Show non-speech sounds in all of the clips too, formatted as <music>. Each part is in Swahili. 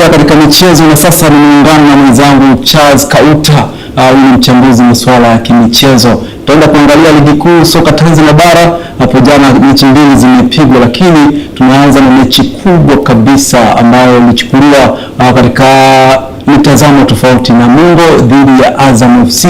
kuingia katika michezo na sasa nimeungana na mwenzangu Charles Kauta, au ah, ni mchambuzi masuala ya kimichezo. Tutaenda kuangalia ligi kuu soka Tanzania bara. Hapo jana mechi mbili zimepigwa, lakini tunaanza na mechi kubwa kabisa ambayo ilichukuliwa ah, katika mitazamo tofauti, Namungo dhidi ya Azam FC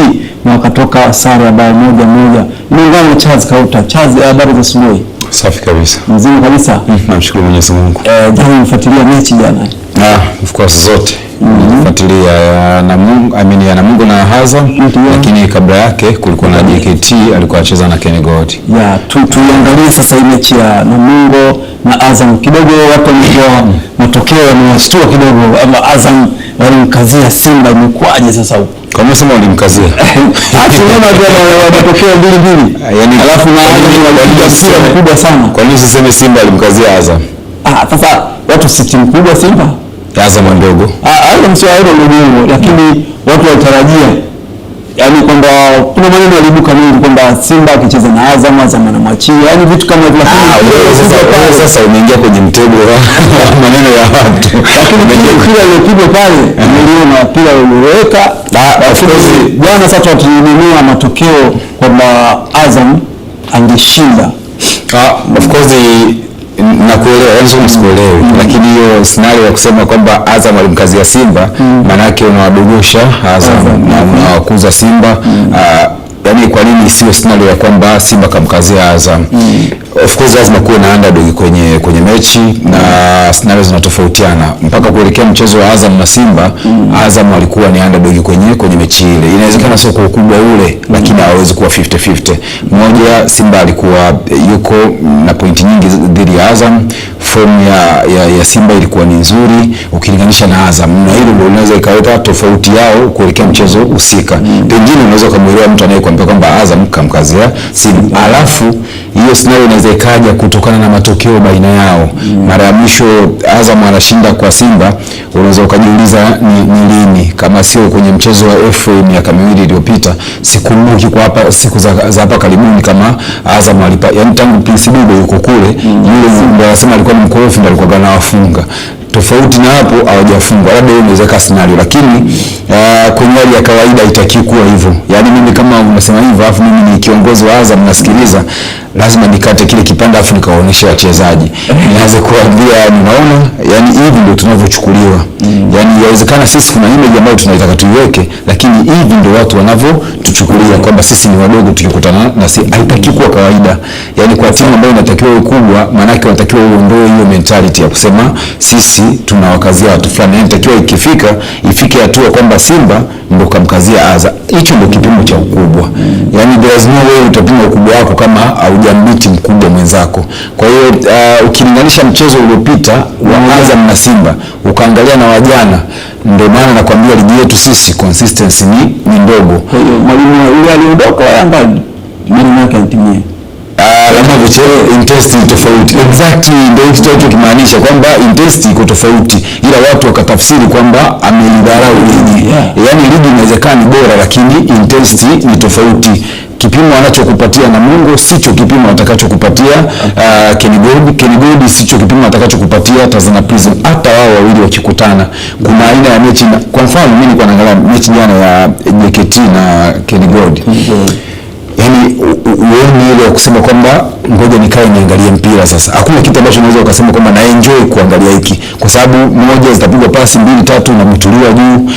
na wakatoka sare ya bao moja moja. Nimeungana na Charles Kauta. Charles, habari za asubuhi? Safi kabisa. Mzima kabisa. Mhm. Namshukuru Mwenyezi Mungu. Eh, jana nifuatilia mechi jana. Ah, of course zote. Mhm. Nifuatilia ya eh, Namungo, I mean ya Mungu na Hazard, mhm. lakini kabla yake kulikuwa na JKT alikuwa anacheza na Kenigoti. Ya, tuangalie sasa hii mechi ya Namungo na Azam kidogo, watu wamekuwa matokeo yamewashtua kidogo, ama Azam walimkazia Simba, imekuwaje sasa huko? Kwa nini walimkazia? matokeo <laughs> mbili mbili, ah, yani alafu na Azam mkubwa sana. Kwa nini usiseme Simba alimkazia Azam? Ah, sasa watu si timu kubwa Simba, Azam ndogo. Ah, Azam sio ndogo, lakini watu walitarajia yani kwamba kuna maneno yalibuka mengi kwamba Simba akicheza na Azam, Azam anamwachia, yani vitu kama hivyo. Lakini ah, sasa umeingia kwenye mtego wa <laughs> maneno ya watu, lakini kile iliyopigwa pale eh. niliona pila ulioweka jana. Sasa tunategemea matokeo kwamba Azam angeshinda ah, of course nakuelewa, yani sio mm. lakini hiyo scenario ya kusema kwamba Azam alimkazia Simba yake mm. unawadogosha Azam mm. na unawakuza Simba, mm. ah, yani kwa nini sio scenario ya kwamba Simba kamkazia Azam? Of course lazima kuwe na underdog kwenye kwenye mechi mm. na scenario zinatofautiana mpaka kuelekea mchezo wa Azam na Simba mm. Azam alikuwa ni underdog kwenye kwenye mechi ile, inawezekana sio kwa ukubwa ule mm. lakini hawezi kuwa 50 50 moja. Simba alikuwa yuko na pointi nyingi dhidi ya Azam fomu ya, ya, ya Simba ilikuwa ni nzuri ukilinganisha na Azam, na hilo ndio unaweza ikaweka tofauti yao kuelekea mchezo husika. Mm. Pengine unaweza kumuelewa mtu anayekuambia kwamba Azam kamkazia Simba, Mm. alafu hiyo scenario inaweza ikaja kutokana na matokeo baina yao. Mm. Mara ya mwisho Azam anashinda kwa Simba, unaweza ukajiuliza ni, ni lini kama sio kwenye mchezo wa FA miaka miwili iliyopita. Sikumbuki kwa hapa siku za, za hapa karibuni kama Azam alipa, yani tangu PCB yuko kule, mm. yule ndio anasema alikuwa mkorofi ndiye alikuwa anawafunga tofauti na hapo hawajafungwa, labda hiyo inaweza kuwa scenario, lakini uh, kwenye hali ya kawaida itakiwa kuwa hivyo. Yani mimi kama unasema hivyo, afu mimi ni kiongozi wa Azam nasikiliza, lazima nikate kile kipande afu nikawaonyeshe wachezaji, nianze kuambia, ninaona yani hivi ndio tunavyochukuliwa. Mm. Yani yawezekana sisi kuna image ambayo tunaitaka tuiweke, lakini hivi ndio watu wanavyo kutuchukulia kwamba sisi ni wadogo tukikutana na si haitaki kuwa kawaida. Yani kwa timu ambayo inatakiwa iwe kubwa, maana yake inatakiwa uondoe hiyo mentality ya kusema sisi tunawakazia watu fulani. Yani inatakiwa ikifika ifike hatua kwamba Simba ndo kamkazia Azam hicho ndio kipimo cha ukubwa. Yani there is no way utapima ukubwa wako kama haujambiti mkubwa mwenzako. Kwa hiyo uh, ukilinganisha mchezo uliopita wa mm. Azam na Simba ukaangalia na wajana, ndio maana nakwambia ligi yetu sisi consistency ni, ndogo. Kwa hiyo mwalimu yule aliondoka Yanga, maana yake atimie Ah, lazima vichele intesti tofauti. Exactly ndio hicho tunachomaanisha kwamba intensity iko tofauti, ila watu wakatafsiri kwamba amelidharau ligi. Yani ligi inawezekana bora, lakini intesti ni tofauti kipimo anachokupatia Mungu sicho kipimo atakachokupatia uh, ah, Kenigodi. Kenigodi sicho kipimo atakachokupatia Tazana Prison. Hata wao wawili wakikutana, kuna aina ya mechi. Kwa mfano mimi nilikuwa naangalia mechi jana ya JKT na Kenigodi mm -hmm yani uone ile ya kusema kwamba ngoja nikae niangalie mpira sasa. Hakuna kitu ambacho unaweza ukasema kwamba na enjoy kuangalia hiki, kwa sababu moja zitapigwa pasi mbili tatu na mtulia juu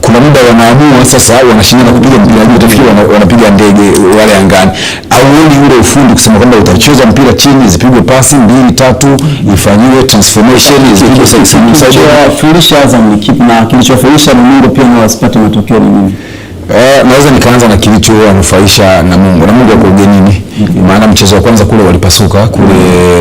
kuna muda wanaamua sasa, wanashindana kupiga mpira juu, utafikiri wanapiga ndege e, wale angani. Auoni ule ufundi kusema kwamba utacheza mpira chini, zipigwe pasi mbili tatu, ifanyiwe transformation, zipigwe sasa. Kilichofundisha Azam ni kipi na kilichofundisha Mungu pia, ni wasipate matokeo ni nini? Eh, naweza nikaanza na kilicho anufaisha na Mungu na Mungu yuko ugenini. Maana mchezo wa kwanza kule walipasuka kule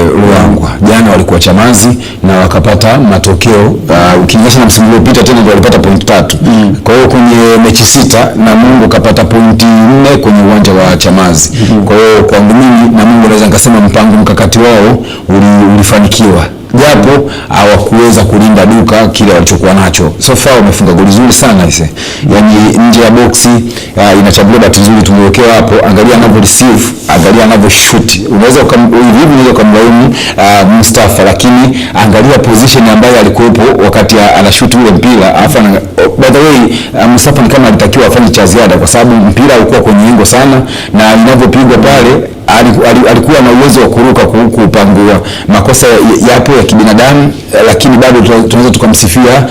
Ruangwa, jana walikuwa Chamazi na wakapata matokeo uh, ah, ukinyesha na msimu uliopita tena ndio walipata point tatu. Mm. Kwa hiyo kwenye mechi sita na Mungu kapata pointi nne kwenye uwanja wa Chamazi. Mm. Kwa hiyo kwangu mimi na Mungu naweza nikasema mpango mkakati wao ulifanikiwa uli japo hawakuweza kulinda duka kile walichokuwa nacho. So far wamefunga goli zuri sana ise, yani nje ya boksi uh, inachambulia bati nzuri tumewekewa hapo. Angalia anavyo receive, angalia anavyo shoot. Unaweza hivi hivi unaweza kumlaumu uh, Mustafa, lakini angalia position ambayo alikuwepo wakati anashoot ule mpira Alafu na, oh, by the way uh, Mustafa ni kama alitakiwa afanye cha ziada kwa sababu mpira ulikuwa kwenye ingo sana na inavyopigwa pale alikuwa na uwezo wa kuruka kuupangua. Makosa yapo ya, ya, ya, ya, ya, binadamu, lakini bado tunaweza tukamsifia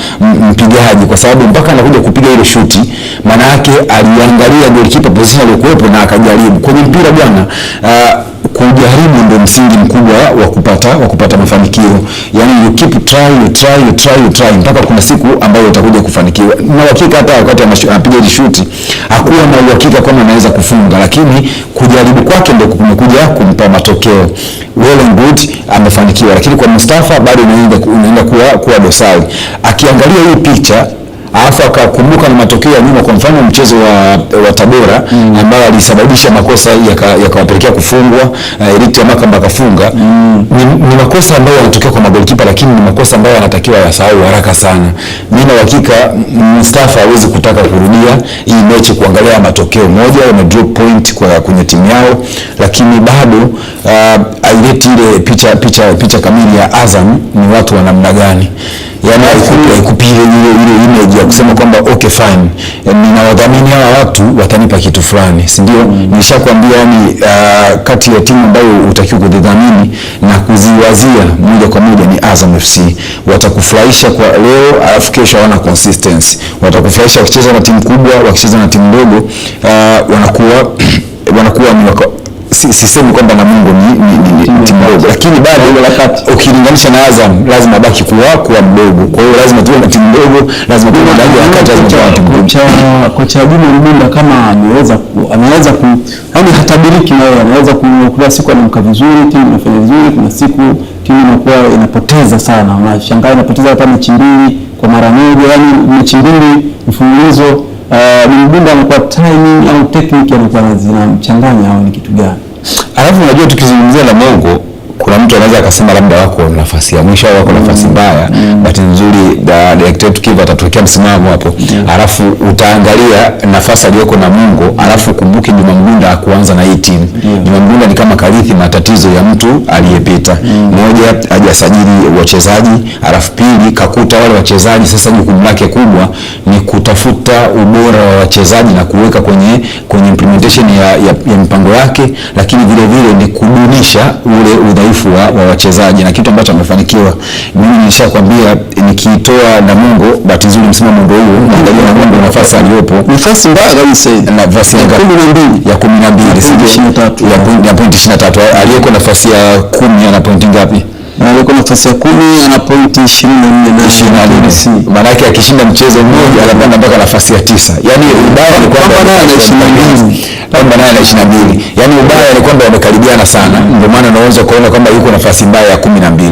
mpigaji kwa sababu mpaka anakuja kupiga ile shuti, maana yake aliangalia goalkeeper position aliyokuwepo na akajaribu kwenye mpira bwana. Uh, kujaribu ndio msingi mkubwa wa kupata wa kupata mafanikio. Yani you keep try you try you try you try mpaka kuna siku ambayo utakuja kufanikiwa. Na uhakika hata wakati anapiga ile shuti hakuwa na uhakika kama anaweza kufunga, lakini kujaribu kwake ndio kumekuja kumpa matokeo well and good, amefanikiwa, lakini kwa Mustafa bado inaenda kuwa, kuwa dosari. Akiangalia hii picha alafu akakumbuka na matokeo ya nyuma, kwa mfano mchezo wa, wa Tabora mm. ambao alisababisha makosa yakawapelekea yaka kufungwa uh, Eric Makamba akafunga mm. ni, ni makosa ambayo yanatokea kwa magolikipa, lakini ni makosa ambayo yanatakiwa yasahau haraka sana. Mimi na hakika Mustafa hawezi kutaka kurudia hii mechi, kuangalia matokeo moja, wame drop point kwa kwenye timu yao, lakini bado uh, haileti ile picha picha picha kamili ya Azam ni watu wa namna gani, yani haikupi ile ile image ya kusema kwamba okay fine, ninawadhamini hawa watu watanipa kitu fulani, si ndio? Nishakwambia yani uh, kati ya timu ambayo utakiwa kudhamini na kuziwazia moja kwa moja ni Azam FC. Watakufurahisha kwa leo, alafu kesho hawana consistency. Watakufurahisha wakicheza na timu kubwa, wakicheza na timu ndogo, uh, wanakuwa <clears throat> wanakuwa ni sisemi kwamba na Mungu ni timu ndogo, lakini bado ile wakati ukilinganisha na Azam lazima abaki kuwa mdogo. Kwa hiyo lazima tuwe na timu ndogo, lazima tuwe na daga wakati, lazima tuwe na timu ndogo. Kocha Juma Mbunda kama ameweza ameweza ku yani hatabiriki, na yeye anaweza kuna siku anamka vizuri, timu inafanya vizuri, kuna siku timu inakuwa inapoteza sana, unashangaa inapoteza hata mechi mbili kwa mara moja, yani mechi mbili mfululizo ni mdundo anakuwa timing au technique anakuwa zinamchanganya au ni kitu gani? Alafu unajua tukizungumzia la Mongo kuna mtu anaweza akasema labda wako nafasi ya mwisho au wako nafasi mm. mbaya. Mm. Bahati nzuri director wetu Kiva atatuwekea msimamo hapo, alafu utaangalia nafasi aliyoko na Mungu, alafu kumbuke Juma Mgunda kuanza na hii timu. Juma Mgunda ni kama karithi matatizo ya mtu aliyepita, mm. moja hajasajili wachezaji, alafu pili kakuta wale wachezaji. Sasa jukumu lake kubwa ni kutafuta ubora wa wachezaji na kuweka kwenye kwenye implementation ya, ya, ya mpango yake, lakini vile vile ni kudunisha ule udhaifu wa, wa wachezaji na kitu ambacho amefanikiwa. Mimi nilishakwambia nikitoa Mungu bahati nzuri msimamo ndio huo, na Namungo nafasi aliyopo, nafasi mbaya kabisa, nafasi ya kumi na mbili ya pointi 23 aliyeko nafasi ya 10 ana pointi ngapi? yuko nafasi ya kumi ana pointi na maana yake akishinda mchezo mmoja anapanda mpaka nafasi ya tisa. Yaani ubaya ni kwamba naye ana labda naye ana yaani ubaya ni kwamba wamekaribiana sana, ndio maana unaweza kwamba yuko nafasi mbaya ya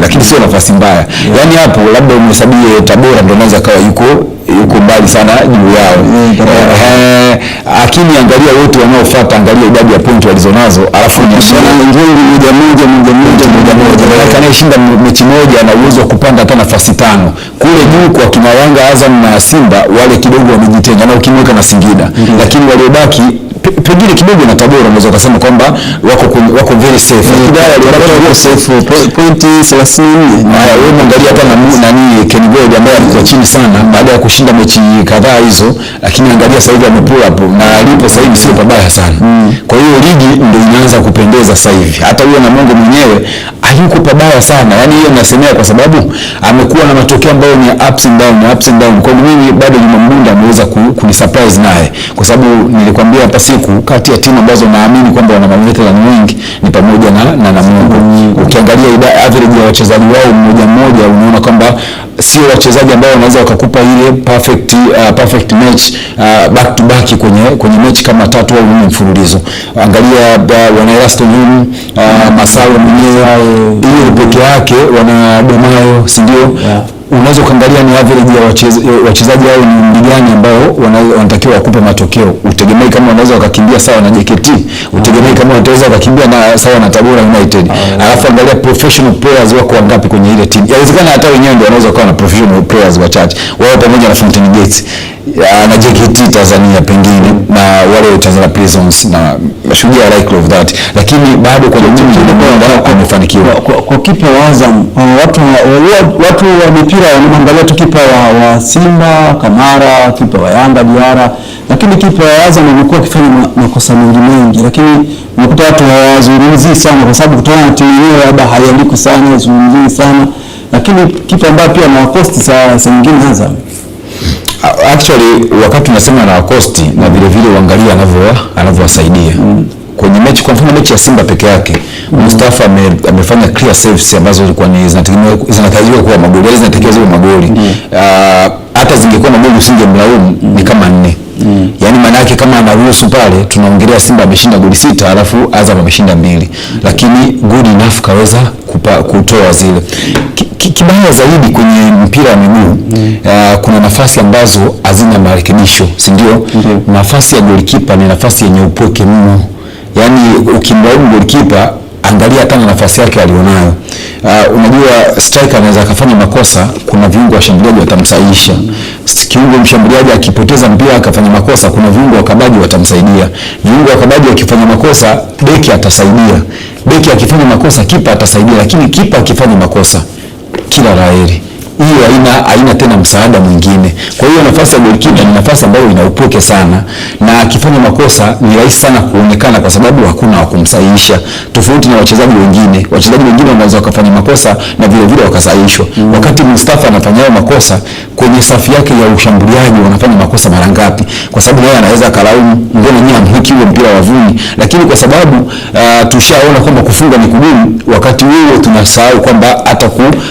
lakini sio nafasi mbaya. Yaani hapo labda umhesabie Tabora ndio anaweza yuko yuko mbali sana juu yao. Eh, eh, lakini angalia wote wanaofuata, angalia idadi ya pointi walizonazo, alafu moja Yanga mechi moja na uwezo wa kupanda hata nafasi tano kule juu kwa kina Yanga, Azam na Simba wale kidogo wamejitenga na ukimweka na Singida mm -hmm. lakini waliobaki pengine kidogo na Tabora unaweza kusema kwamba wako wako very safe. Kidara alikuwa wako safe point 34. na wewe mwangalia hata na nani Ken Gold ambaye alikuwa chini sana baada ya kushinda mechi kadhaa hizo, lakini angalia sasa hivi amepull hapo na alipo sasa hivi sio pabaya sana. Mm. Kwa hiyo ligi ndio inaanza kupendeza sasa hivi. Hata huyo na Mungu mwenyewe hayuko pabaya sana. Yaani hiyo nasemea kwa sababu amekuwa na matokeo ambayo ni ups and down, ups and down. Kwa mimi bado Juma Mgunda ameweza kunisurprise naye kwa sababu nilikwambia hapa siku kati ya timu ambazo naamini kwamba wana maveterani wengi ni pamoja na, na Namungo. Ukiangalia average ya wachezaji wao mmoja mmoja unaona kwamba sio wachezaji ambao wanaweza wakakupa ile perfect, uh, perfect match uh, back to back kwenye kwenye mechi kama tatu au nne mfululizo. Angalia uh, wana Aston Villa uh, Masao mwenyewe ile peke yake wana Bomayo, si ndio? yeah unaweza kuangalia ni average ya wachezaji hao ni mdi gani ambao wanatakiwa wakupe matokeo. Utegemei kama wanaweza wakakimbia sawa na JKT, utegemei kama wataweza wakakimbia na sawa na Tabora United. Ah, Alafu angalia professional players wako wangapi kwenye ile timu. Inawezekana hata wenyewe ndio wanaweza kuwa na professional players wachache, wao pamoja na Fountain Gates na JKT Tanzania pengine na wale Tanzania Prisons na Mashujaa like of that, lakini bado kwenye timu ile wao wamefanikiwa kwa kipa wa Azam watu watu wamepiga kipa nimwangalia tu kipa wa, wa Simba Kamara, kipa wa Yanga Diara, lakini kipa wa Azam amekuwa akifanya makosa mengi mengi, lakini unakuta watu hawazungumzii sana kwa sababu kutokana na timu hiyo labda haiandiki sana, haizungumzii sana, lakini kipa ambaye pia anawakosti saa sa nyingine Azam actually wakati unasema anawakosti na vilevile uangalia anavyowasaidia mm kwenye mechi, kwa mfano mechi ya Simba peke yake mm. Mustafa ame, amefanya clear saves ambazo zilikuwa ni zinategemewa zinatarajiwa kuwa magoli au yaani zinatakiwa ziwe magoli mm. Ah, hata zingekuwa magoli usingemlaumu mm. ni kama nne mm. yaani maana yake kama anaruhusu pale, tunaongelea Simba ameshinda goli sita alafu Azam ameshinda mbili mm. lakini good enough kaweza kupa, kutoa zile kibaya zaidi kwenye mpira wa miguu mm. Uh, kuna nafasi ambazo hazina marekebisho, si ndio? mm -hmm. Nafasi ya goalkeeper ni nafasi yenye upweke mno Mm yani ukimlaumu golikipa angalia hata na nafasi yake alionayo. Uh, unajua striker anaweza akafanya makosa, kuna viungo washambuliaji watamsaidisha. Kiungo mshambuliaji akipoteza mpira akafanya makosa, kuna viungo wakabaji watamsaidia. Viungo wakabaji wakifanya makosa, beki atasaidia. Beki akifanya makosa, kipa atasaidia, lakini kipa akifanya makosa, kila la hiyo haina haina tena msaada mwingine. Kwa hiyo nafasi ya goalkeeper ni nafasi ambayo ina upoke sana, na akifanya makosa ni rahisi sana kuonekana, kwa sababu hakuna wa kumsahihisha, tofauti na wachezaji wengine. Wachezaji wengine wanaweza wakafanya makosa na vile vile wakasahihishwa. mm. Wakati Mustafa anafanya makosa kwenye safu yake ya ushambuliaji, wanafanya makosa mara ngapi? Kwa sababu yeye anaweza kalaumu ngono nyinyi amhiki ule mpira wavuni, lakini kwa sababu uh, tushaona kwamba kufunga ni kugumu, wakati huo tunasahau kwamba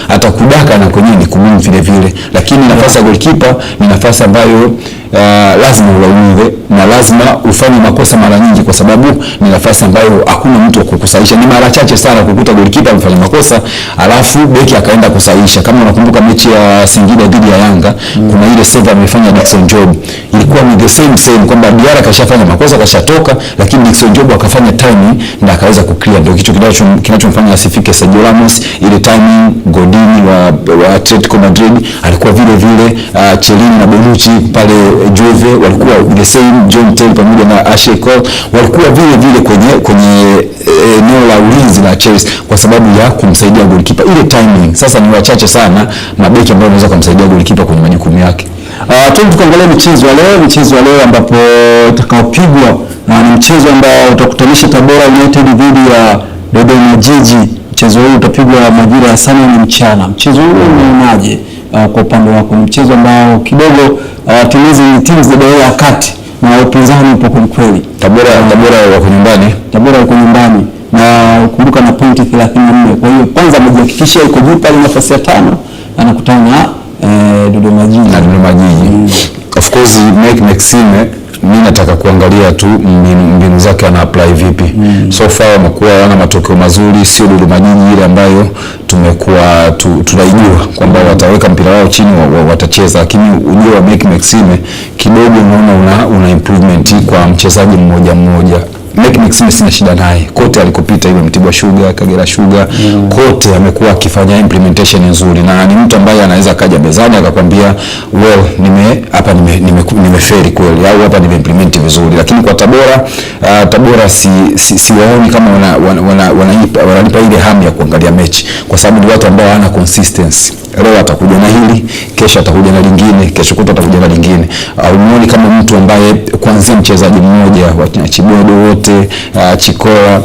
atakudaka na kwenye ni kugumu kumwamini vile vile, lakini nafasi ya goalkeeper ni nafasi ambayo uh, lazima ulaumiwe na lazima ufanye makosa mara nyingi, kwa sababu ni nafasi ambayo hakuna mtu wa kukusahisha. Ni mara chache sana kukuta goalkeeper amefanya makosa alafu beki akaenda kusahisha. Kama unakumbuka mechi ya Singida dhidi ya Yanga mm. kuna ile save amefanya Dickson Job, ilikuwa ni the same same kwamba Diarra kashafanya makosa kashatoka, lakini Dickson Job akafanya timing na akaweza kuclear. Ndio kitu kinachomfanya asifike Sergio Ramos, ile timing goal Chiellini wa, wa Atletico Madrid, alikuwa vile vile uh, ah, Chiellini na Bonucci pale eh, Juve walikuwa the same, John Terry pamoja na Ashley Cole walikuwa vile vile kwenye kwenye eh, eneo la ulinzi la Chelsea kwa sababu ya kumsaidia goalkeeper ile timing. Sasa ni wachache sana mabeki ambao wanaweza kumsaidia goalkeeper kwenye majukumu yake. Uh, ah, tuende tukaangalia mchezo wa leo, mchezo wa leo ambapo utakaopigwa ah, ni mchezo ambao utakutanisha Tabora United dhidi ya Dodoma Jiji mchezo huu utapigwa majira ya saa nane mchana. Mchezo huu unaonaje uh, kwa upande wako? Mchezo ambao kidogo uh, timizi ni timu za daraja ya kati na upinzani upo kwelikweli. Tabora uh, Tabora wako nyumbani, Tabora wako nyumbani na kumbuka na pointi 34. Kwa hiyo kwanza amejihakikishia iko juu pale nafasi ya tano, anakutana na Dodoma Jiji na Dodoma Jiji mm. of course Mike Maxime mi nataka kuangalia tu mbinu zake ana apply vipi. Mm. So far wamekuwa wana matokeo mazuri, sio Dodoma Jiji ile ambayo tumekuwa tu, tunaijua kwamba hmm. wataweka mpira wao chini watacheza, lakini ujio wa Meck Maxime kidogo unaona una, una improvement kwa mchezaji mmoja mmoja. Meckmix mimi sina shida naye, kote alikopita iwe Mtibwa Sugar, Kagera Sugar, mm. kote amekuwa akifanya implementation nzuri, na ni mtu ambaye anaweza akaja mezani akakwambia well, nime hapa nime, nime, nimeferi kweli au hapa nime implement vizuri, lakini kwa Tabora uh, Tabora si si, si waoni kama wananipa wana, wana, wana, wana, wana, wana ile hamu ya kuangalia mechi kwa sababu ni watu ambao hawana consistency leo atakuja na hili, kesho atakuja na lingine, kesho kutwa atakuja na lingine. Haumuoni ah, kama mtu ambaye kwanza mchezaji mmoja wa Chibodo wote ah, Chikola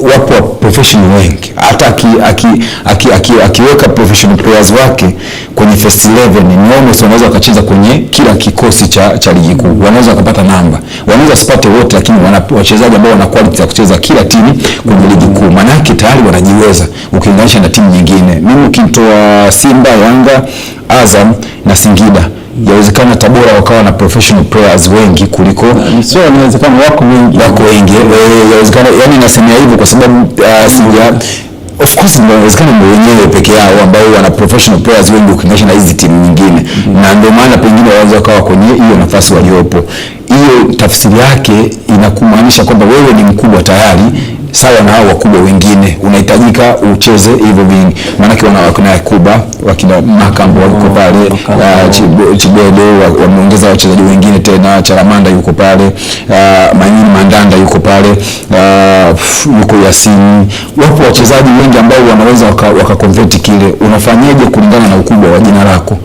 wapo professional wengi, hata akiweka aki, aki, aki, aki professional players wake kwenye first 11 ni almost wanaweza wakacheza kwenye kila kikosi cha, cha ligi kuu, wanaweza wakapata namba, wanaweza wasipate wote, lakini wachezaji ambao wana quality ya kucheza kila timu kwenye ligi kuu, maanake tayari wanajiweza ukilinganisha na timu nyingine. Mimi ukimtoa Simba, Yanga, Azam na Singida yawezekana Tabora wakawa na professional players wengi kuliko ah, sio, inawezekana wako wengi, wako wengi eh, yawezekana. Yani nasemea hivyo kwa sababu ah, sija of course inawezekana ndio wenyewe peke yao ambao wana professional players wengi ukilinganisha na hizi timu nyingine mm -hmm. na ndio maana pengine waweza wakawa kwenye hiyo nafasi waliopo. Hiyo tafsiri yake inakumaanisha kwamba wewe ni mkubwa tayari sawa na hao wakubwa wengine, unahitajika ucheze hivyo vingi, maanake wakina Yakuba wakina Makambo wako oh, pale, uh, chibwede wameongeza wachezaji wengine tena, Charamanda yuko pale, uh, Manyini Mandanda yuko pale, uh, yuko Yasini. Wapo wachezaji wengi ambao wanaweza wakakonveti waka kile. Unafanyaje kulingana na ukubwa wa jina lako?